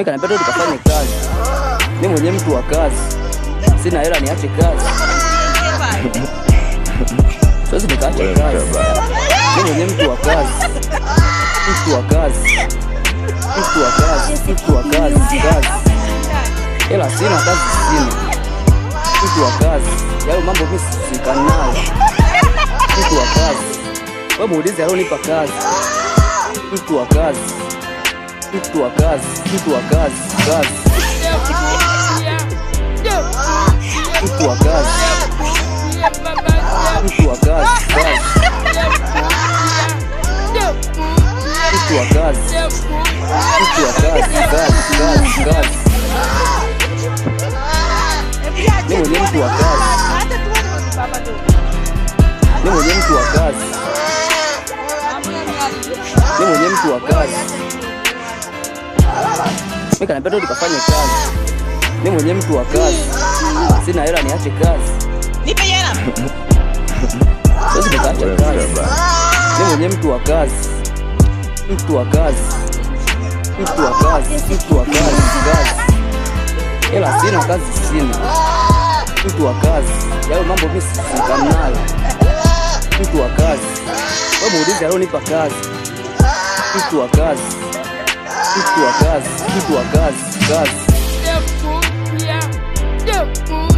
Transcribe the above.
mi kanambia tu tukafanye kazi, mi mwenye mtu wa kazi, sina hela niache kazi siwezi nikaacha kazi, mi mwenye mtu wa kazi, mtu wa kazi, mtu wa kazi, mtu wa kazi, kazi hela sina, kazi sina, mtu wa kazi, yayo yaani mambo mi sikanao, mtu wa kazi, we muulize alionipa kazi, mtu wa kazi kitu wa kazi, kitu wa kazi, kazi. Kitu wa kazi. Kitu wa kazi, kazi. Kitu wa kazi. Kitu wa kazi, kazi, kazi, kazi. Mimi ni mtu wa kazi. Mimi ni mtu wa kazi. Mimi ni mtu wa kazi. Mimi kanambia nikafanye kazi. ni mwenye mtu wa kazi. Sina hela niache kazi. Nipe mwenye kazi. mtu wa kazi. Mtu wa kazi. Mtu wa kazi, mtu wa kazi, kazi. Hela sina, kazi sina. Mtu wa kazi. Yao yaani mambo mimi Mtu wa kazi. Wewe muulize kazi. Mtu wa kazi. que tua casa, que tua casa, casa.